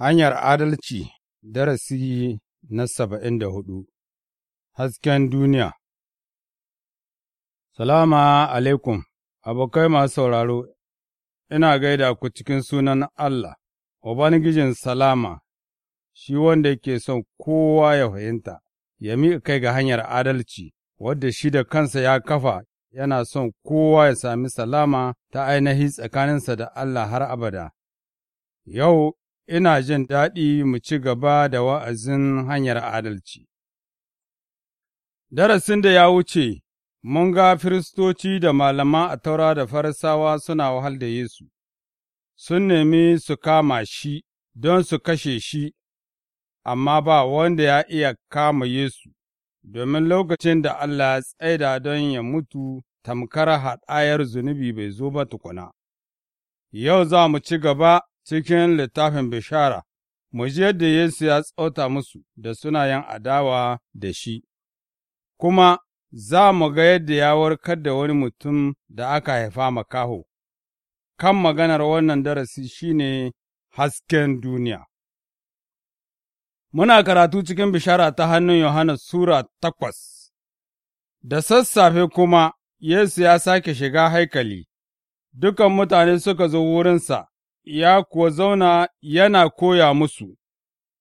Hanyar Adalci Darasi na saba'in da hudu Hasken Duniya Salama alaikum, abokai masu sauraro, ina gaida ku cikin sunan Allah, Ubangijin Salama, shi wanda ke son kowa ya fahimta, ya miƙa kai ga hanyar adalci, wadda shi da kansa ya kafa yana son kowa ya sami salama ta ainihi tsakaninsa da Allah har abada. Yau ina jin daɗi mu ci gaba da wa'azin hanyar adalci. Darasin da ya wuce, mun ga firistoci da malama a taura da farisawa suna wahal da Yesu, sun nemi su kama shi don su kashe shi, amma ba wanda ya iya kama Yesu, domin lokacin da Allah ya tsaida don ya mutu tamkar haɗayar zunubi bai zo ba tukuna. Yau za mu ci gaba cikin littafin bishara, mu ji yadda Yesu ya tsota musu da suna sunayen adawa da shi, kuma za mu ga yadda ya warkar da wani mutum da aka haifa makaho. Kan maganar wannan darasi shi ne hasken duniya. Muna karatu cikin bishara ta hannun Yohana Sura takwas, da sassafe kuma Yesu ya sake shiga haikali, dukan mutane suka zo wurinsa ya kuwa zauna yana koya musu,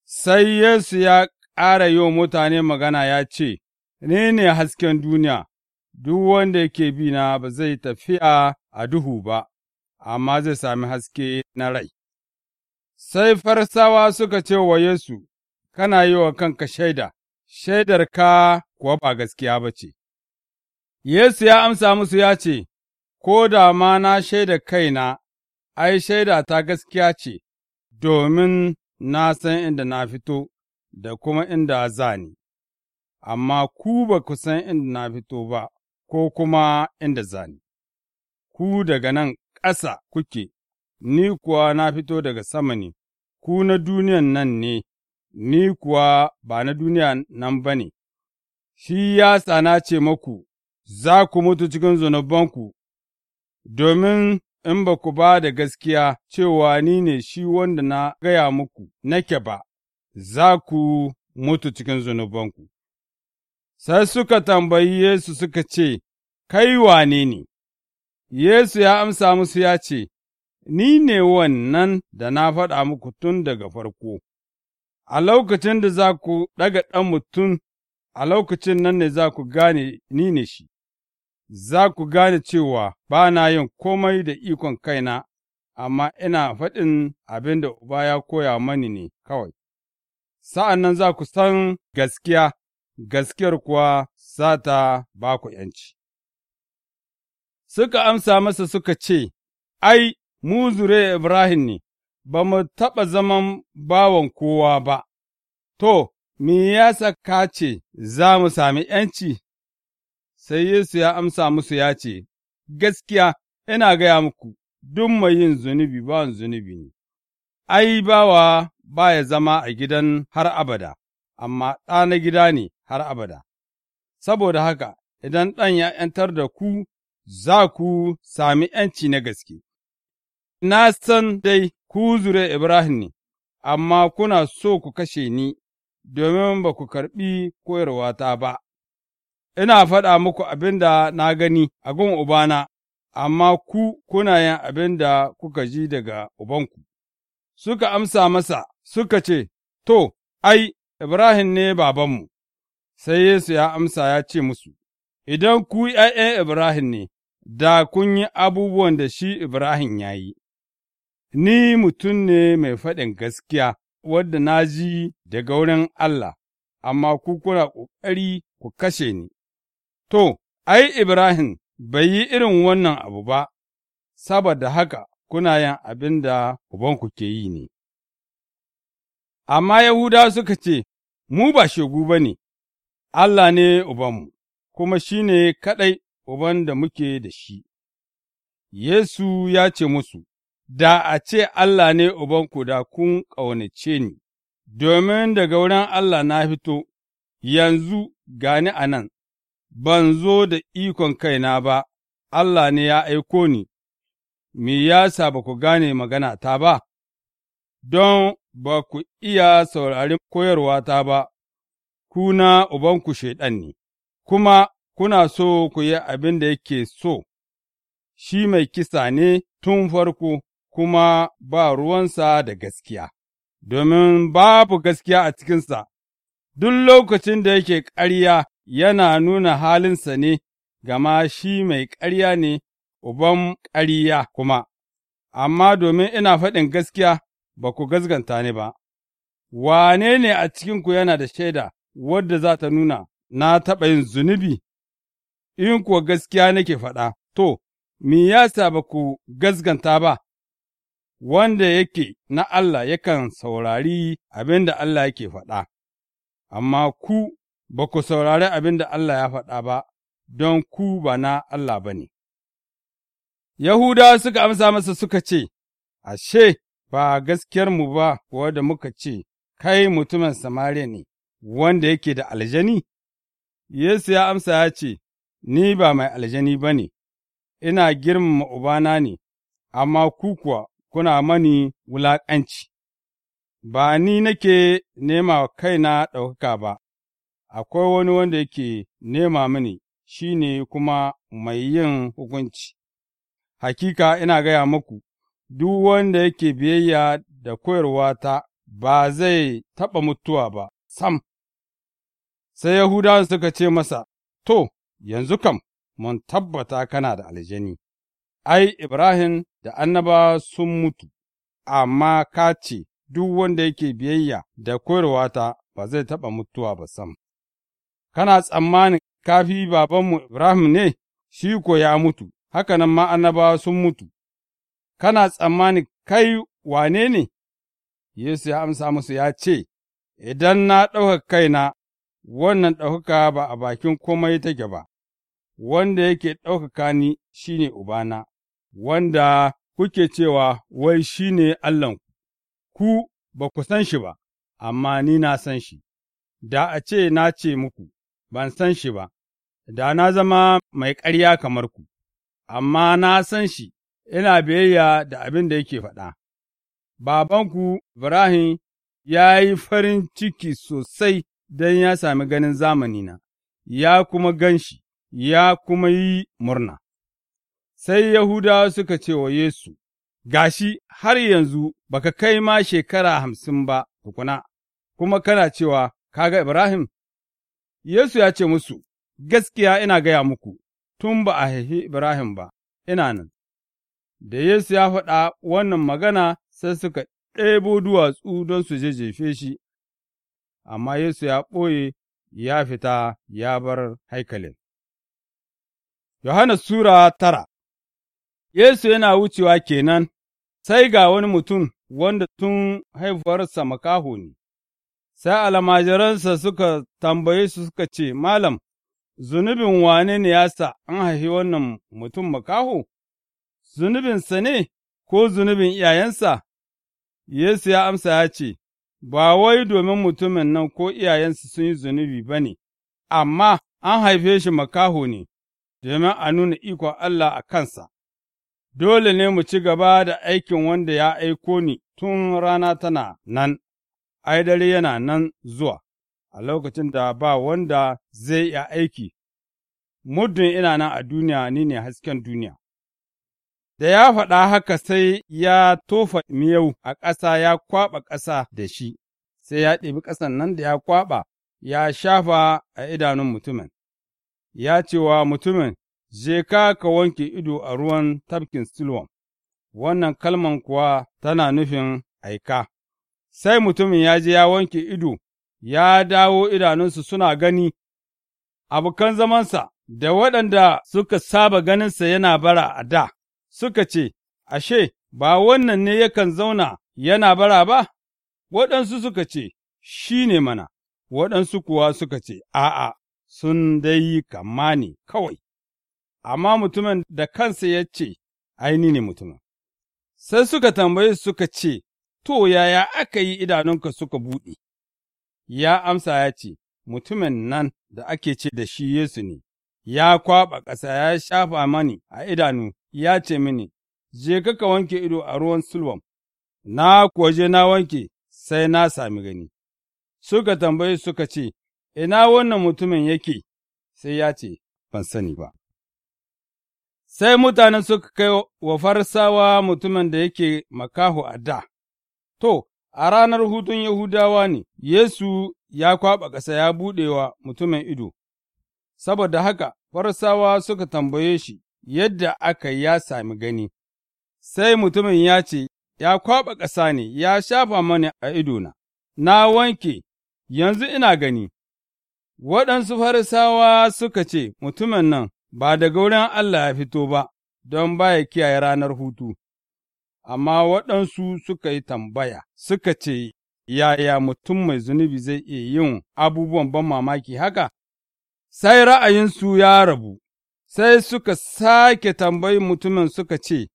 sai Yesu ya ƙara yi wa mutane magana ya ce, Ni ne hasken duniya, duk wanda yake bi na ba zai tafiya a duhu ba, amma zai sami haske na rai. Sai farsawa suka ce wa Yesu, Kana yi wa kanka shaida, shaidar ka kuwa ba gaskiya ba ce. Yesu ya amsa musu ya ce, Ko da ma na shaida kaina, ai, shaida ta gaskiya ce, domin na san inda na fito da kuma inda za amma ku ba ku san inda na fito ba, ko kuma inda za ku daga nan ƙasa kuke, ni kuwa na fito daga sama ne, ku na duniyan nan ne, ni kuwa ba na duniya nan ba ne, shi ya tsana ce maku, za ku mutu cikin zunubanku, domin in ba ku ba da gaskiya cewa ni ne shi wanda na gaya muku nake ba, za ku mutu cikin zunubanku. Sai suka tambayi Yesu suka ce, Kai wane ne? Yesu ya amsa musu ya ce, Ni ne wannan da na faɗa muku tun daga farko, a lokacin da za ku ɗaga ɗan mutum, a lokacin nan ne za ku gane ni ne shi. za ku gane cewa ba na yin komai da ikon kaina, amma ina faɗin abin da Uba ya koya mani ne kawai. Sa'an nan za ku san gaskiya, gaskiyar kuwa za ta ba ku ’yanci. Suka amsa masa suka ce, Ai, mu zure Ibrahim ne, ba mu taɓa zaman bawan kowa ba, to, me ya ka ce za mu sami ’yanci? Sai Yesu ya amsa musu ya ce, Gaskiya, ina gaya muku, duk mai yin zunubi ba zunubi ne, ai, bawa ba ya zama a gidan har abada, amma ɗa na gida ne har abada. Saboda haka, idan ɗan ya ’yantar da ku, za ku sami ’yanci na gaske. Na san dai ku zure Ibrahim ne, amma kuna so ku kashe ni, domin ba ku karɓi koyarwata ba. ina faɗa muku abin da na gani a gun Ubana, amma ku kuna yin abin da kuka ji daga Ubanku. Suka amsa masa, suka ce, To, ai, Ibrahim ne babanmu, sai Yesu ya amsa ya ce musu, Idan ku ’ya'yan Ibrahim ne, da kun yi abubuwan da shi Ibrahim ya yi, ni mutum ne mai faɗin gaskiya, wadda na ji daga wurin Allah, amma ku kuna ƙoƙari ku kashe ni. To, ai, Ibrahim bai yi irin wannan abu ba, saboda haka kuna yin abin da ubanku ke yi ne. Amma Yahuda suka ce, Mu ba shegu ba ne, Allah ne ubanmu, kuma shi ne kaɗai uban da muke da shi. Yesu ya ce musu, Da a ce Allah ne ubanku da kun ƙaunace ni, domin daga wurin Allah na fito, yanzu gani a nan, ban zo da ikon kaina ba, Allah ne ya aiko ni, me yasa ba ku gane magana ta ba, don ba ku iya saurari koyarwa ta ba, kuna ubanku shaiɗan ne, kuma kuna so ku yi abin da yake so, shi mai kisa ne tun farko kuma ba ruwansa da gaskiya, domin babu gaskiya a cikinsa, duk lokacin da yake ƙarya yana nuna halinsa ne, gama shi mai ƙarya ne, uban ƙarya kuma, amma domin ina faɗin gaskiya ba ku gaskanta ni ba. Wane ne a cikinku yana da shaida wadda za ta nuna na taɓa yin zunubi? In kuwa gaskiya nake faɗa, to, me yasa ba ku gaskanta ba? Wanda yake na Allah yakan saurari abin da Allah yake faɗa, amma ku ba ku saurari abin da Allah ya faɗa ba, don ku ba na Allah ba ne. Yahudawa suka amsa masa suka ce, Ashe, ba gaskiyar mu ba kuwa da muka ce, Kai mutumin Samariya ne, wanda yake da aljani? Yesu ya amsa ya ce, Ni ba mai aljani ba ne, ina girmama Ubana ne, amma ku kuwa kuna mani wulaƙanci, ba ni nake nema kaina ɗaukaka ba. akwai wani wanda yake nema mini, shi ne kuma mai yin hukunci. Hakika ina gaya muku, duk wanda yake biyayya da koyarwata ba zai taɓa mutuwa ba, sam. Sai Yahudawan suka ce masa, To, yanzu kam, mun tabbata kana da aljani, ai, Ibrahim da annaba sun mutu, amma ka ce, duk wanda yake biyayya da koyarwata ba zai taɓa mutuwa ba sam. kana tsammanin kafi babanmu Ibrahim ne, shi ko ya mutu, haka nan ma annabawa sun mutu, kana tsammanin kai wane ne? Yesu ya amsa musu ya ce, Idan na ɗaukaka kaina, wannan ɗaukaka ba a bakin komai take ba, wanda yake ɗaukaka ni shi ne Ubana, wanda kuke cewa wai shi ne Allahnku, ku ba ku san shi ba, amma ni na san shi, da a ce na ce muku, ban san shi ba, da na zama mai ƙarya kamar ku, amma na san shi, ina biyayya da abin da yake faɗa. Babanku Ibrahim ya yi farin ciki sosai don ya sami ganin zamanina, ya kuma gan shi, ya kuma yi murna. Sai Yahudawa suka ce wa Yesu, Gashi har yanzu baka kai ma shekara hamsin ba tukuna, kuma kana cewa, Kaga Ibrahim, Yesu ya ce musu, Gaskiya ina gaya muku, tun ba a haifi Ibrahim ba, ina nan. Da Yesu ya faɗa wannan magana sai suka ɗebo duwatsu don su je jefe shi, amma Yesu ya ɓoye ya fita ya bar haikalin. Yohana Sura tara Yesu yana wucewa kenan, sai ga wani mutum wanda tun haifuwarsa makaho ne, sai almajiransa suka tambaye su suka ce, Malam, zunubin wane ne yasa an haifi wannan mutum makaho? Zunubinsa ne ko zunubin iyayensa? Yesu ya amsa ya ce, Ba wai domin mutumin nan ko iyayensa sun yi zunubi ba ne, amma an haife shi makaho ne, domin a nuna ikon Allah a kansa. Dole ne mu ci gaba da aikin wanda ya aiko ni tun rana tana nan. ai, dare yana nan zuwa, a lokacin da ba wanda zai iya aiki, muddin ina nan a duniya ni ne hasken duniya. Da ya faɗa haka sai ya tofa miyau a ƙasa ya kwaɓa ƙasa da shi, sai ya ɗebi ƙasan nan da ya kwaɓa ya shafa a idanun mutumin, ya ce wa mutumin, Je ka ka wanke ido a ruwan tafkin Silwam, wannan kalman kuwa tana nufin aika. sai mutumin ya je ya wanke ido, ya dawo idanunsu suna gani, abokan zamansa da waɗanda suka saba ganinsa yana bara a da, suka ce, Ashe, ba wannan ne yakan zauna yana bara ba? Waɗansu suka ce, Shi ne mana, waɗansu kuwa suka ce, A'a, sun dai yi kama ne kawai, amma mutumin da kansa ya ce, Aini ne mutumin. Sai suka tambaye suka ce, To, yaya aka yi idanunka suka buɗe? Ya amsa ya ce, Mutumin nan da ake ce da shi Yesu ne, ya kwaɓa ƙasa ya shafa mani a idanu, ya ce mini, Je ka wanke ido a ruwan sulwam, na kuwa je na wanke sai na sami gani. Suka tambaye suka ce, Ina wannan mutumin yake, sai ya ce, Ban sani ba. Sai mutanen suka kai wa farsawa mutumin da yake makaho a da, To, a ranar hutun Yahudawa ne, Yesu ya kwaɓa ƙasa ya buɗewa mutumin ido, saboda haka farasawa suka tambaye shi yadda aka ya sami gani, sai mutumin ya ce, Ya kwaɓa ƙasa ne, ya shafa mani a idona, na wanke, yanzu ina gani. Waɗansu Farisawa suka ce, Mutumin nan ba daga wurin Allah ya fito ba, don baya kiyaye ranar hutu. amma waɗansu suka yi tambaya, suka ce, Yaya mutum mai zunubi zai iya yin abubuwan ban mamaki haka? Sai ra'ayinsu ya rabu, sai suka sake tambayi mutumin suka ce,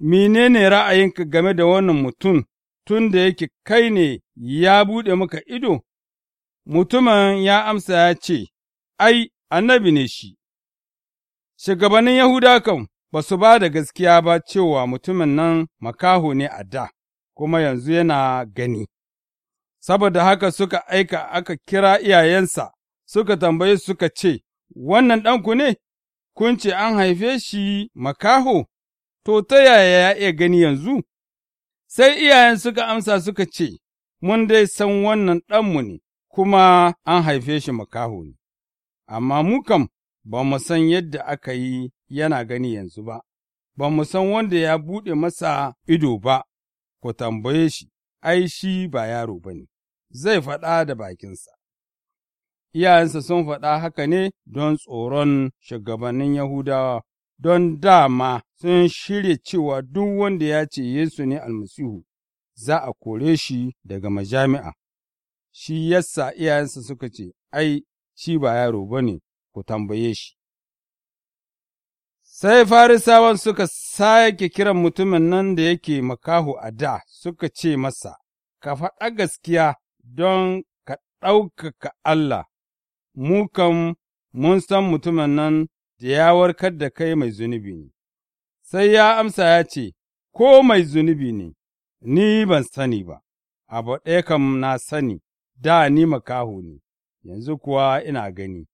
Menene ra'ayinka game da wannan mutum tun da yake kai ne ya buɗe maka ido? Mutumin ya amsa ya ce, Ai, annabi ne shi, shugabannin Yahuda kan ba su ba da gaskiya ba cewa mutumin nan makaho ne a da, kuma yanzu yana gani. Saboda haka suka aika aka kira iyayensa, suka tambaye suka ce, Wannan ɗanku ne, kun ce an haife shi makaho, to ta yaya ya iya gani yanzu? Sai iyayen suka amsa suka ce, Mun dai san wannan ɗanmu ne, kuma an haife shi makaho ne, amma mu kam ba mu san yadda aka yi yana gani yanzu ba, ba mu san wanda ya buɗe masa ido ba, ku tambaye shi, ai, shi ba yaro ba ne, zai faɗa da bakinsa. Iyayensa sun faɗa haka ne don tsoron shugabannin Yahudawa, don dama sun shirya cewa duk wanda ya ce Yesu ne almasihu, za a kore shi daga majami'a. Shi yasa iyayensa suka ce, ai, shi ba yaro ba ne, ku tambaye shi. Sai Farisawan suka sake kiran mutumin nan da yake makaho a da suka ce masa, Ka faɗa gaskiya don ka ɗaukaka Allah, mu kan mun san mutumin nan da ya warkar da kai mai zunubi ne. Sai ya amsa ya ce, Ko mai zunubi ne, ni ban sani ba, abu ɗaya kam na sani, da ni makaho ne, yanzu kuwa ina gani.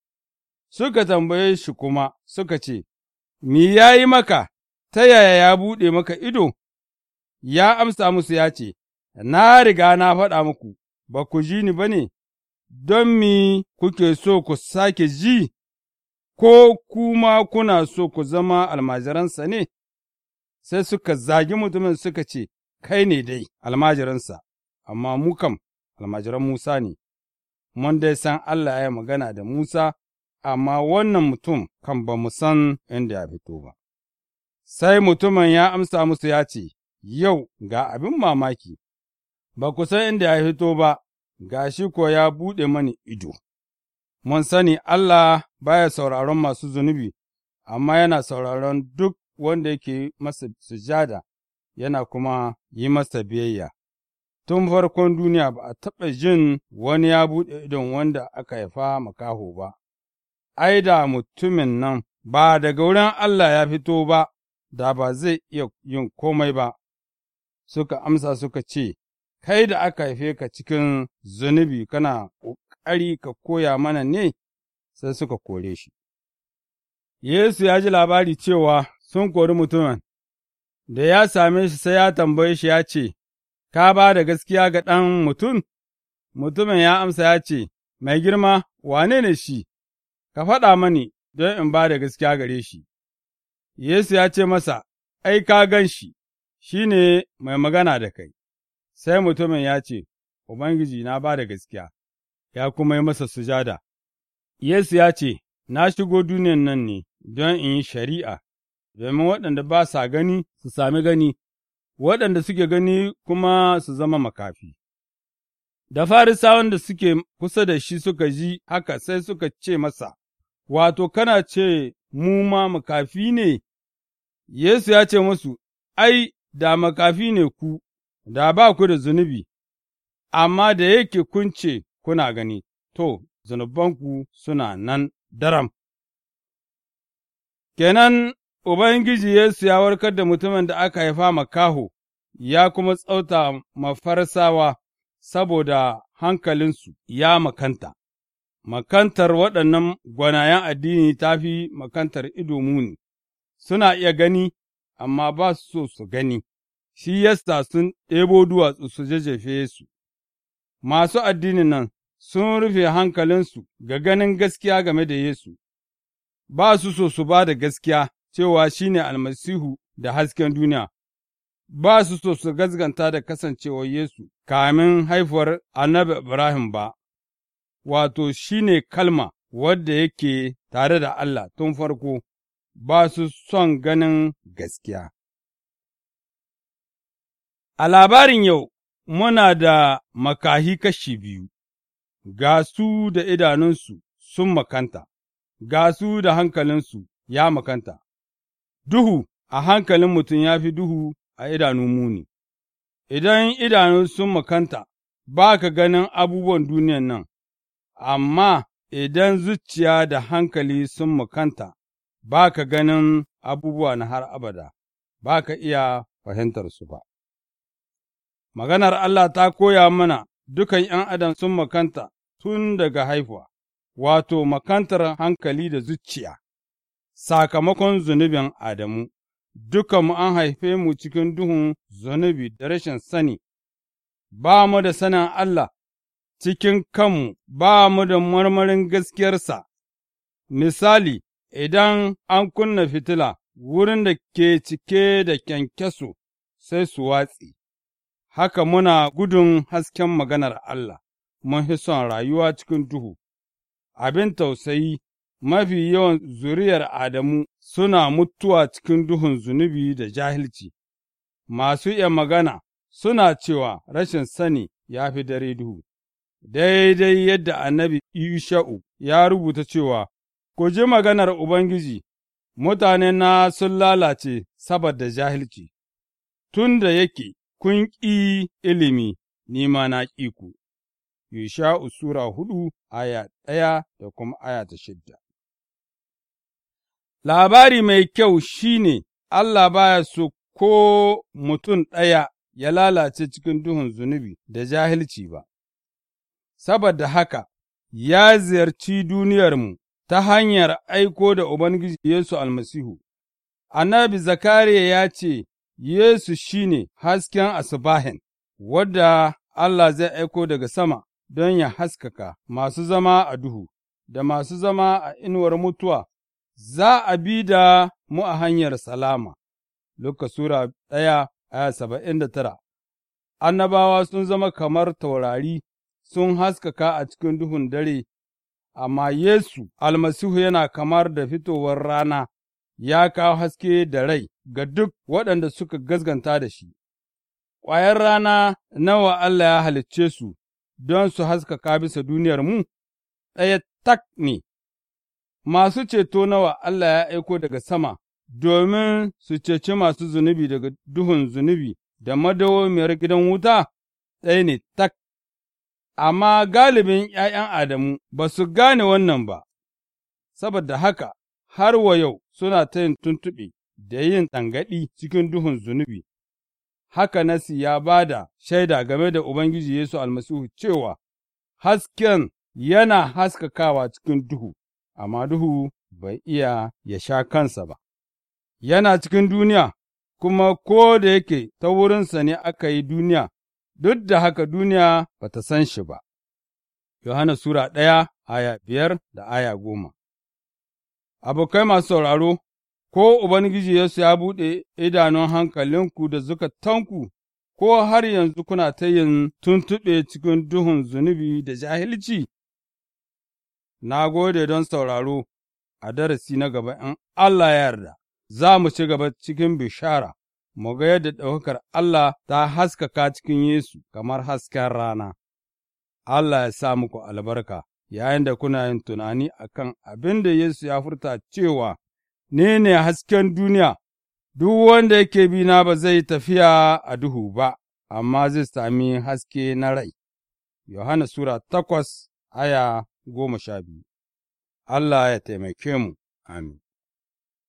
Suka tambaye shi kuma suka ce, Me ya yi maka, ta yaya ya buɗe maka ido? Ya amsa musu ya ce, Na riga na faɗa muku, ba ku ji ni ba ne, don mi kuke so ku sake ji, ko kuma kuna so ku zama almajiransa ne? Sai suka zagi mutumin suka ce, Kai ne dai almajiransa, amma mu kam almajiran Musa ne, mun dai san Allah ya magana da Musa amma wannan mutum kan ba mu san inda ya fito ba. Sai mutumin ya amsa musu ya ce, Yau ga abin mamaki, ba ku san inda ya fito ba, ga shi ko ya buɗe mani ido. Mun sani Allah baya sauraron masu zunubi, amma yana sauraron duk wanda yake masa sujada, yana kuma yi masa biyayya. Tun farkon duniya ba a taɓa jin wani ya buɗe idon wanda aka haifa makaho ba. ai, da mutumin nan ba daga wurin Allah ya fito ba, da ba zai iya yin komai ba, suka amsa suka ce, Kai da aka haife ka cikin zunubi kana ƙoƙari ka koya mana ne, sai suka kore shi. Yesu ya ji labari cewa sun kori mutumin, da ya same shi sai ya tambaye shi ya ce, Ka ba da gaskiya ga ɗan mutum? Mutumin ya amsa ya ce, Mai girma, wane ne shi? ka faɗa mani don in ba da gaskiya gare shi. Yesu ya ce masa, Ai, ka gan shi, shi ne mai magana da kai, sai mutumin ya ce, Ubangiji na ba da gaskiya, ya kuma yi masa sujada. Yesu ya ce, Na shigo duniyan nan ne don in yi shari'a, domin waɗanda ba sa gani su sami gani, waɗanda suke gani kuma su zama makafi. Da farisawan da suke kusa da shi suka ji haka sai suka ce masa, wato, kana ce mu ma makafi ne? Yesu ya ce musu, Ai, da makafi ne ku, da ba ku da zunubi, amma da yake kun ce kuna gani, to, zunubanku suna nan daram. Kenan Ubangiji Yesu ya warkar da mutumin da aka haifa makaho, ya kuma tsauta mafarsawa saboda hankalinsu ya makanta. makantar waɗannan gwanayen addini ta fi makantar ido muni, suna iya gani, amma ba su so su gani, shi yasta sun ɗebo duwatsu su jajjefe su. Masu addinin nan sun rufe hankalinsu ga ganin gaskiya game da Yesu, ba su so su ba da gaskiya cewa shi ne almasihu da hasken duniya, ba su so su gazganta da kasancewar Yesu kamin haifuwar annabi Ibrahim ba. wato shi ne kalma wadda yake tare da Allah tun farko, ba su son ganin gaskiya. A labarin yau, muna da makahi kashi biyu, ga su da idanunsu sun makanta, ga su da hankalinsu ya makanta, duhu a hankalin mutum ya fi duhu a idanun muni, idan idanun sun makanta, ba ka ganin abubuwan duniyan nan, amma idan zuciya da hankali sun mukanta, ba ka ganin abubuwa na har abada, ba ka iya fahimtar su ba. Maganar Allah ta koya mana dukan ’yan adam sun makanta tun daga haifuwa, wato makantar hankali da zuciya, sakamakon zunubin Adamu, mu an haife mu cikin duhun zunubi da rashin sani, ba mu da sanin Allah cikin kanmu ba mu da marmarin gaskiyarsa. Misali, idan an kunna fitila wurin da ke cike da kyankyaso sai su watsi, haka muna gudun hasken maganar Allah, mun fi son rayuwa cikin duhu. Abin tausayi, mafi yawan zuriyar Adamu suna mutuwa cikin duhun zunubi da jahilci, masu iya magana suna cewa rashin sani ya fi dare duhu. daidai yadda annabi Isha'u ya rubuta cewa, Ku ji maganar Ubangiji, mutane na sun lalace saboda jahilci, tun da yake kun ƙi ilimi, ni ma na ƙi ku. Yusha'u Sura hudu aya ɗaya da kuma aya ta shidda. Labari mai kyau shi ne Allah baya so ko mutum ɗaya ya lalace cikin duhun zunubi da jahilci ba. saboda haka ya ziyarci duniyarmu ta hanyar aiko da Ubangiji Yesu almasihu. Annabi Zakariya ya ce, Yesu shi ne hasken asubahin, wadda Allah zai aiko daga sama don ya haskaka masu zama a duhu, da masu zama a inuwar mutuwa, za a bi da mu a hanyar salama. Luka Sura ɗaya a saba'in da tara Annabawa sun zama kamar taurari sun haskaka a cikin duhun dare, amma Yesu almasihu yana kamar da fitowar rana, ya kawo haske da rai ga duk waɗanda suka gazganta da shi. Ƙwayar rana nawa Allah ya halicce su don su haskaka bisa duniyar mu, ɗaya tak ne, masu ceto nawa Allah ya aiko daga sama domin su ceci masu zunubi daga duhun zunubi da mai gidan wuta, ɗaya ne tak. amma galibin ’ya'yan Adamu ba su gane wannan ba, saboda haka har wa yau suna ta yin tuntuɓe da yin ɗangaɗi cikin duhun zunubi. Haka Nasi ya ba da shaida game da Ubangiji Yesu almasihu cewa hasken yana haskakawa cikin duhu, amma duhu bai iya ya sha kansa ba. Yana cikin duniya, kuma ko da yake ta wurinsa ne aka yi duniya duk da haka duniya ba ta san shi ba. Yohana Sura ɗaya aya biyar da aya goma Abokai masu sauraro, ko Ubangiji Yesu ya buɗe idanun hankalinku da zukatanku, ko har yanzu kuna ta yin tuntuɓe cikin duhun zunubi da jahilci? Na gode don sauraro a darasi na gaba in Allah ya yarda, za mu ci gaba cikin bishara. mu ga yadda ɗaukar Allah ta haskaka cikin Yesu kamar hasken rana. Allah ya sa muku albarka, yayin da kuna yin tunani a kan abin da Yesu ya furta cewa, 'Ni ne hasken duniya, duk wanda yake bi na ba zai tafiya a duhu ba, amma zai sami haske na rai. Yohana Sura takwas aya goma sha biyu Allah ya taimake mu, amin.